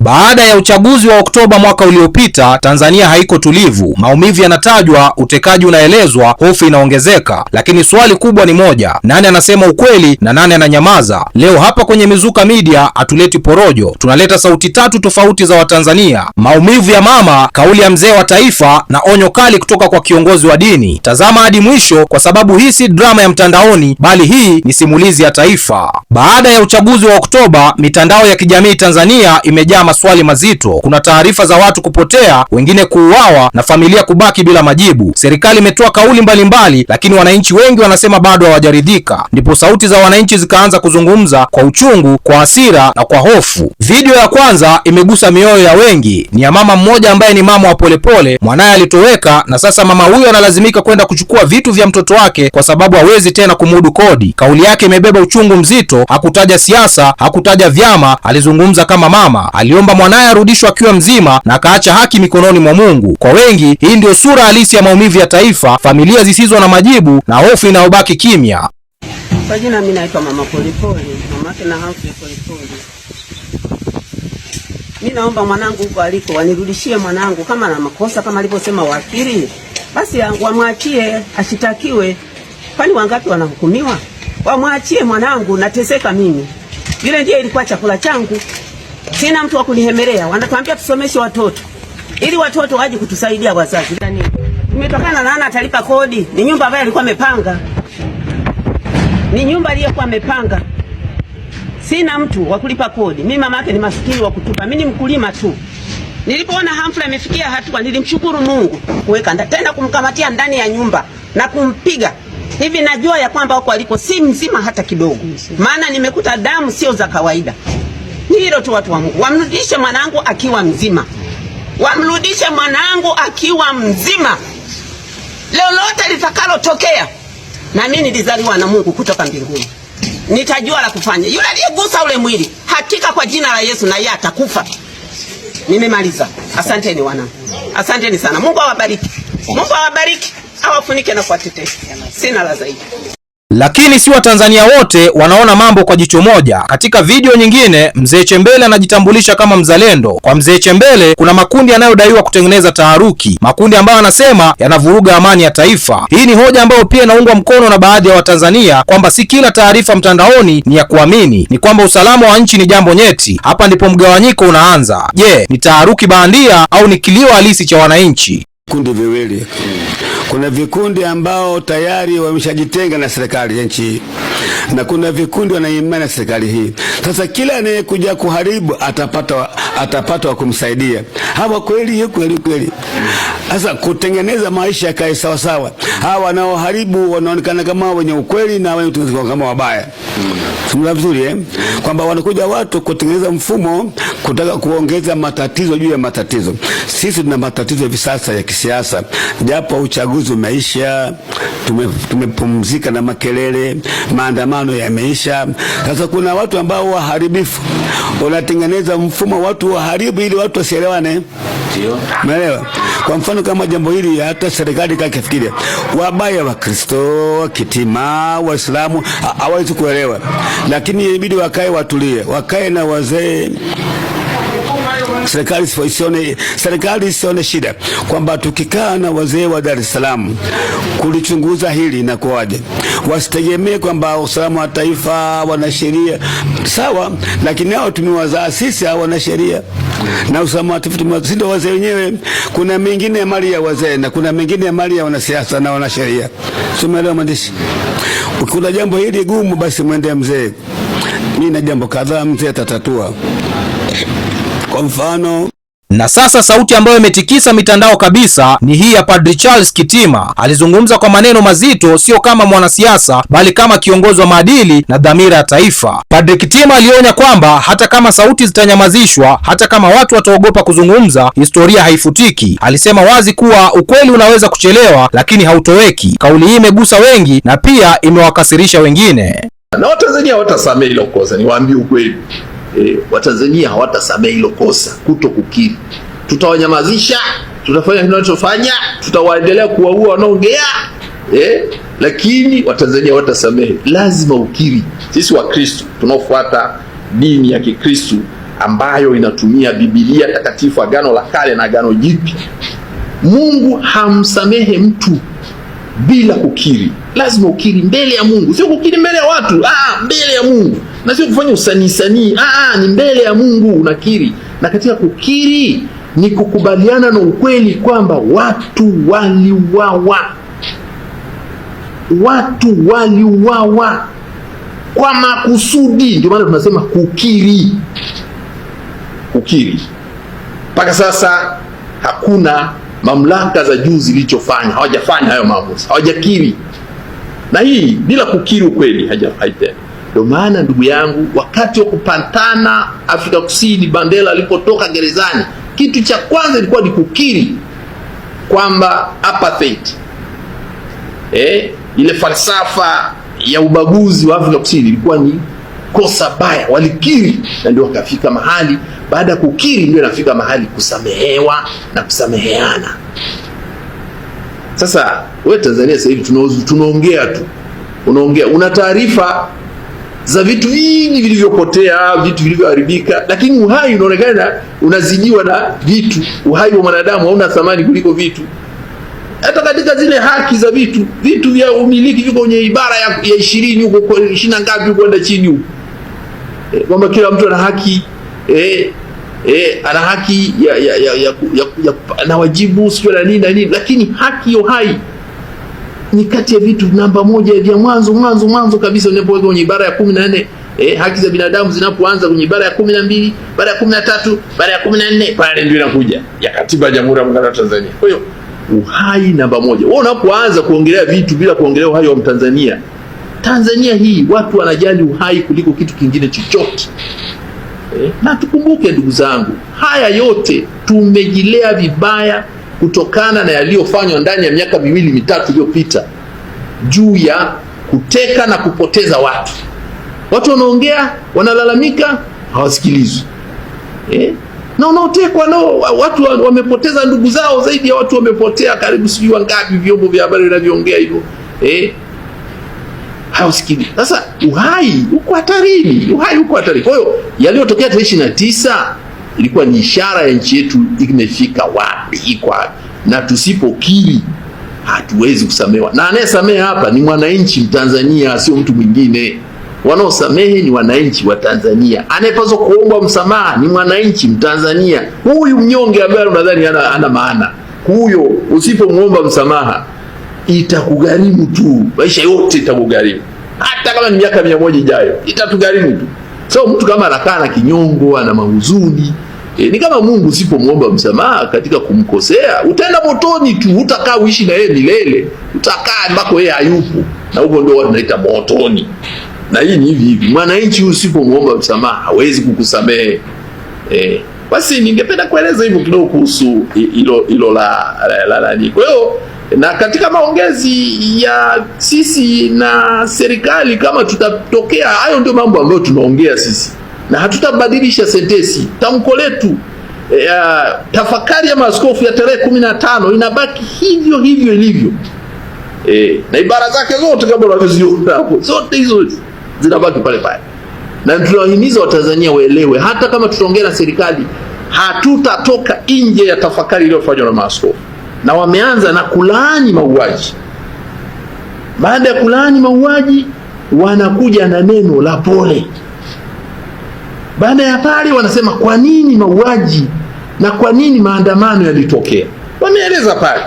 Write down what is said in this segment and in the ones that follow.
Baada ya uchaguzi wa Oktoba mwaka uliopita, Tanzania haiko tulivu. Maumivu yanatajwa, utekaji unaelezwa, hofu inaongezeka, lakini swali kubwa ni moja: nani anasema ukweli na nani ananyamaza? Leo hapa kwenye Mizuka Media hatuleti porojo, tunaleta sauti tatu tofauti za Watanzania: maumivu ya mama, kauli ya mzee wa taifa, na onyo kali kutoka kwa kiongozi wa dini. Tazama hadi mwisho, kwa sababu hii si drama ya mtandaoni, bali hii ni simulizi ya taifa. Baada ya uchaguzi wa Oktoba, mitandao ya kijamii Tanzania imejaa maswali mazito. Kuna taarifa za watu kupotea, wengine kuuawa na familia kubaki bila majibu. Serikali imetoa kauli mbalimbali, lakini wananchi wengi wanasema bado hawajaridhika. Ndipo sauti za wananchi zikaanza kuzungumza kwa uchungu, kwa hasira na kwa hofu. Video ya kwanza imegusa mioyo ya wengi, ni ya mama mmoja ambaye ni mama wa Polepole. Mwanaye alitoweka na sasa mama huyo analazimika kwenda kuchukua vitu vya mtoto wake kwa sababu hawezi tena kumudu kodi. Kauli yake imebeba uchungu mzito, hakutaja siasa, hakutaja vyama, alizungumza kama mama. Ali aliomba mwanaye arudishwe akiwa mzima na akaacha haki mikononi mwa Mungu. Kwa wengi, hii ndio sura halisi ya maumivu ya taifa, familia zisizo na majibu na hofu inayobaki kimya. Kwa jina mimi naitwa Mama polipoli mama yake na Humphrey Polipoli. Mimi naomba mwanangu huko aliko wanirudishie mwanangu, kama na makosa kama alivyosema wakili, basi wamwachie ashitakiwe, kwani wangapi wanahukumiwa? Wamwachie mwanangu, nateseka mimi, yule ndiye ilikuwa chakula changu sina mtu wa kunihemelea, wanatuambia tusomeshe watoto ili watoto waje kutusaidia wazazi. Yaani, imetokana na ana atalipa kodi, ni nyumba ambayo alikuwa amepanga, ni nyumba aliyokuwa amepanga. Sina mtu wa kulipa kodi, mimi mama yake ni maskini wa kutupa, mimi ni mkulima tu. Nilipoona hamfla amefikia hatua, nilimshukuru Mungu kuweka nda, tena kumkamatia ndani ya nyumba na kumpiga hivi. Najua ya kwamba huko aliko si mzima hata kidogo, maana nimekuta damu sio za kawaida. Hilo tu watu wa Mungu, wamrudishe mwanangu akiwa mzima, wamrudishe mwanangu akiwa mzima. Lolote litakalotokea, na mimi nilizaliwa na Mungu kutoka mbinguni, nitajua la kufanya. Yule aliyegusa ule mwili, hakika kwa jina la Yesu, na yeye atakufa. Nimemaliza. Asanteni wanangu, asanteni sana. Mungu awabariki, Mungu awabariki, awafunike na kuwatetea. Sina la zaidi lakini si Watanzania wote wanaona mambo kwa jicho moja. Katika video nyingine, mzee Chembele anajitambulisha kama mzalendo. Kwa mzee Chembele kuna makundi yanayodaiwa kutengeneza taharuki, makundi ambayo anasema yanavuruga amani ya taifa. Hii ni hoja ambayo pia inaungwa mkono na baadhi ya Watanzania kwamba si kila taarifa mtandaoni ni ya kuamini, ni kwamba usalama wa nchi ni jambo nyeti. Hapa ndipo mgawanyiko unaanza. Je, ni taharuki bandia au ni kilio halisi cha wananchi? Vikundi viwili. Kuna vikundi ambao tayari wameshajitenga na serikali ya nchi hii na kuna vikundi wanaimani na serikali hii. Sasa kila anayekuja kuharibu atapata, atapata wa kumsaidia hawa. Kweli kweli kweli. Sasa kutengeneza maisha yakae sawasawa. Hawa wanaoharibu wanaonekana kama wenye ukweli na wenye kama wabaya Simla vizuri eh? Kwamba wanakuja watu kutengeneza mfumo kutaka kuongeza matatizo juu ya matatizo. Sisi tuna matatizo hivi sasa ya kisiasa, japo uchaguzi umeisha, tumepumzika tume na makelele, maandamano yameisha. Sasa kuna watu ambao waharibifu, unatengeneza mfumo watu waharibu ili watu wasielewane. Umeelewa? Kwa mfano kama jambo hili hata serikali kakifikiria, wabaya wa Kristo, kitima, Waislamu hawawezi kuelewa, lakini inabidi wakae watulie, wakae na wazee serikali sione serikali isione shida kwamba tukikaa na wazee wa Dar es Salaam kulichunguza hili na kuwaje, wasitegemee kwamba usalama wa taifa wanasheria sawa, lakini hao tumewazaa sisi, hao wanasheria na usalama wa taifa tumewazaa wazee wenyewe. Kuna mengine ya mali ya wazee na kuna mengine ya mali ya wanasiasa na wanasheria. Tumeelewa mwandishi, ukikuta jambo hili gumu, basi mwende mzee, mimi na jambo kadhaa mzee atatatua. Kwa mfano na sasa sauti ambayo imetikisa mitandao kabisa ni hii ya Padri Charles Kitima. Alizungumza kwa maneno mazito, sio kama mwanasiasa, bali kama kiongozi wa maadili na dhamira ya taifa. Padri Kitima alionya kwamba hata kama sauti zitanyamazishwa, hata kama watu wataogopa kuzungumza, historia haifutiki. Alisema wazi kuwa ukweli unaweza kuchelewa, lakini hautoweki. Kauli hii imegusa wengi na pia imewakasirisha wengine, na Watanzania watasamehe hilo kosa, niwaambie ukweli e, Watanzania hawatasamehe hilo kosa, kuto kukiri. Tutawanyamazisha, tutafanya tunachofanya, tutawaendelea kuwaua wanaongea e, lakini Watanzania hawatasamehe. Lazima ukiri. Sisi Wakristo tunaofuata dini ya Kikristo ambayo inatumia Biblia Takatifu, Agano la Kale na Agano Jipya, Mungu hamsamehe mtu bila kukiri. Lazima ukiri mbele ya Mungu, sio kukiri mbele ya watu. Ah, mbele ya Mungu na sio kufanya usanii sanii. Ah, ah, ni mbele ya Mungu unakiri, na katika kukiri ni kukubaliana na ukweli kwamba watu waliuawa, watu waliuawa kwa makusudi. Ndio maana tunasema kukiri, kukiri. Mpaka sasa hakuna mamlaka za juu zilichofanya, hawajafanya hayo maamuzi, hawajakiri. Na hii bila kukiri ukweli haitendi. Ndio maana ndugu yangu, wakati wa kupatana Afrika Kusini, Mandela alipotoka gerezani, kitu cha kwanza ilikuwa ni kukiri kwamba apartheid, eh, ile falsafa ya ubaguzi wa Afrika Kusini ilikuwa ni kosa baya, walikiri na ndio wakafika mahali. Baada ya kukiri, ndio nafika mahali kusamehewa na kusameheana. Sasa we Tanzania sasa hivi tunaongea tu, unaongea una taarifa za vitu vingi vilivyopotea, vitu vilivyoharibika, lakini uhai unaonekana unazidiwa na vitu. Uhai wa mwanadamu hauna thamani kuliko vitu. Hata katika zile haki za vitu, vitu vya umiliki viko kwenye ibara ya, ya ishirini huko ishirini na ngapi kwenda chini huko eh, kwamba kila mtu ana haki e, e, ana haki ya, ya, ya, ya, ya, ya, ya, na wajibu sio na nini na nini, lakini haki ya uhai ni kati ya vitu namba moja vya mwanzo mwanzo mwanzo kabisa unapoweka kwenye ibara ya kumi na nne eh, haki za binadamu zinapoanza kwenye ibara ya kumi na mbili ibara ya kumi na tatu ibara ya kumi na nne pale ndio inakuja ya katiba ya Jamhuri ya Muungano wa Tanzania. Kwa hiyo uhai namba moja. Wewe unapoanza kuongelea vitu bila kuongelea uhai wa Mtanzania, Tanzania hii watu wanajali uhai kuliko kitu kingine chochote. Eh, na tukumbuke ndugu zangu, haya yote tumejilea vibaya kutokana na yaliyofanywa ndani ya miaka miwili mitatu iliyopita juu ya kuteka na kupoteza watu. Watu wanaongea, wanalalamika, hawasikilizwi eh? na unaotekwa no, watu wamepoteza ndugu zao, zaidi ya watu wamepotea karibu sijui wangapi, vyombo vya habari vinavyoongea hivyo eh? Hausikii. Sasa uhai uko hatarini, uhai uko hatarini. Kwa hiyo yaliyotokea tarehe ishirini na tisa ilikuwa ni ishara ya nchi yetu imefika wapi, iko wapi, na tusipokiri hatuwezi kusamewa, na anayesamehe hapa ni mwananchi Mtanzania, sio mtu mwingine. Wanaosamehe ni wananchi wa Tanzania. Anayepaswa kuomba msamaha ni mwananchi Mtanzania huyu mnyonge, ambaye unadhani ana, ana maana. Huyo usipomwomba msamaha itakugharimu tu, maisha yote itakugharimu, hata kama ni miaka mia moja ijayo itatugharimu tu. So mtu kama anakaa na kinyongo, ana mahuzuni E, ni kama Mungu usipomwomba msamaha katika kumkosea utaenda motoni tu, utakaa uishi na yeye milele, utakaa ambako yeye hayupo, na huko ndio wanaita motoni. Na hii ni hivi hivi, mwananchi usipomwomba msamaha hawezi kukusamehe eh. Basi ningependa kueleza hivyo kidogo kuhusu hilo hilo la la la. Kwa hiyo na katika maongezi ya sisi na serikali, kama tutatokea hayo, ndio mambo ambayo tunaongea sisi na hatutabadilisha sentesi Tamko letu eh, ya tafakari ya maaskofu ya tarehe kumi na tano inabaki hivyo hivyo ilivyo, e, na ibara zake zote kama unavyoziona hapo, zote hizo zinabaki pale pale, na tunawahimiza Watanzania waelewe, hata kama tutaongea na serikali hatutatoka nje ya tafakari iliyofanywa na maaskofu, na wameanza na kulaani mauaji. Baada ya kulaani mauaji, wanakuja na neno la pole. Baada ya pale, wanasema kwa nini mauaji na kwa nini maandamano yalitokea. Wameeleza pale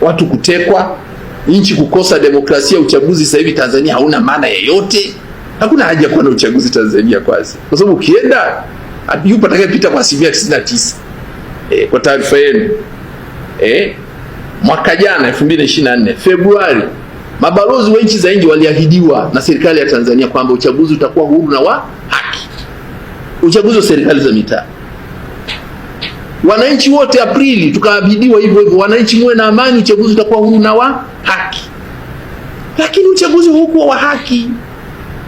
watu kutekwa, nchi kukosa demokrasia, uchaguzi sasa hivi Tanzania hauna maana yoyote, hakuna haja kuwa na uchaguzi Tanzania kwanza, kwa sababu ukienda yupo atakayepita kwa asilimia 99. E, kwa taarifa yenu e, mwaka jana 2024 Februari mabalozi wa nchi za nje waliahidiwa na serikali ya Tanzania kwamba uchaguzi utakuwa huru na wa haki uchaguzi wa serikali za mitaa. Wananchi wote Aprili tukaabidiwa hivyo hivyo, wananchi muwe na amani, uchaguzi utakuwa huru na wa haki. Lakini uchaguzi hukuwa wa haki.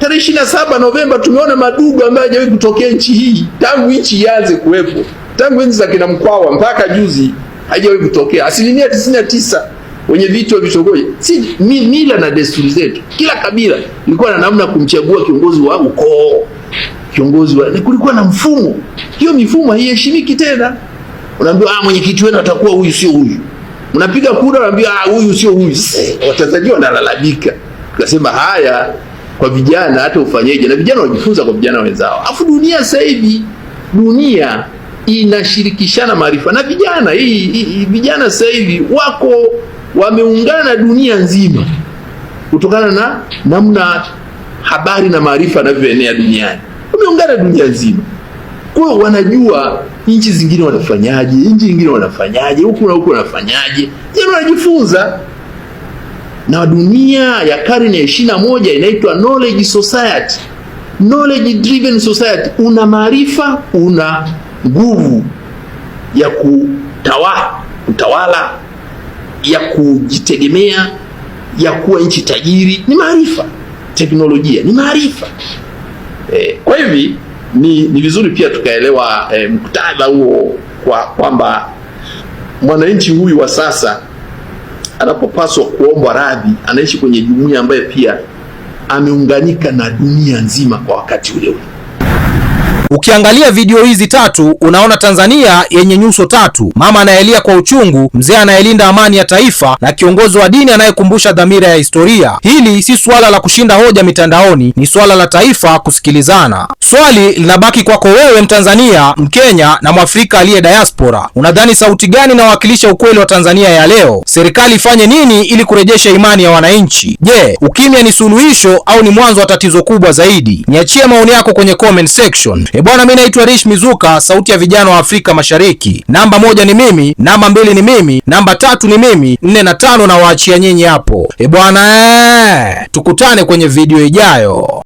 Tarehe 27 Novemba tumeona madudu ambayo hajawahi kutokea nchi hii tangu nchi ianze kuwepo, tangu enzi za kina Mkwawa mpaka juzi haijawahi kutokea. Asilimia tisini tisa wenye vitu wa vitongoji, si mila na desturi zetu, kila kabila ilikuwa na namna kumchagua kiongozi wa ukoo kiongozi wa, kulikuwa na mfumo. Hiyo mifumo haiheshimiki tena. Unaambiwa ah, mwenyekiti wenu atakuwa huyu, sio huyu. Unapiga kura, unaambiwa ah, huyu sio huyu. Eh, watanzania wanalalamika, tunasema haya kwa vijana, hata ufanyeje? Na vijana wajifunza kwa vijana wenzao, afu dunia sasa hivi dunia inashirikishana maarifa na vijana. Hii vijana sasa hivi wako wameungana dunia nzima kutokana na namna habari na maarifa yanavyoenea duniani wameungana dunia nzima. Kwa hiyo wanajua nchi zingine wanafanyaje, nchi nyingine wanafanyaje, huku na huku wanafanyaje, yaani wanajifunza. Na dunia ya karne ya ishirini na moja inaitwa knowledge society, knowledge driven society. Una maarifa, una nguvu ya kutawa, kutawala ya kujitegemea, ya kuwa nchi tajiri. Ni maarifa. Teknolojia ni maarifa. E, kwa hivi ni, ni vizuri pia tukaelewa e, muktadha huo kwa kwamba mwananchi huyu wa sasa anapopaswa kuombwa radhi anaishi kwenye jumuiya ambayo pia ameunganika na dunia nzima kwa wakati ule ule. Ukiangalia video hizi tatu unaona Tanzania yenye nyuso tatu: mama anayelia kwa uchungu, mzee anayelinda amani ya taifa, na kiongozi wa dini anayekumbusha dhamira ya historia. Hili si suala la kushinda hoja mitandaoni, ni suala la taifa kusikilizana. Swali linabaki kwako wewe, Mtanzania, Mkenya na Mwafrika aliye diaspora, unadhani sauti gani inawakilisha ukweli wa Tanzania ya leo? Serikali ifanye nini ili kurejesha imani ya wananchi? Je, ukimya ni suluhisho au ni mwanzo wa tatizo kubwa zaidi? Niachie maoni yako kwenye comment section. Diamond. Eh bwana, mimi naitwa Rish Mizuka, sauti ya vijana wa Afrika Mashariki. Namba moja ni mimi, namba mbili ni mimi, namba tatu ni mimi, nne na tano na waachia nyinyi hapo. Eh bwana, eh, tukutane kwenye video ijayo.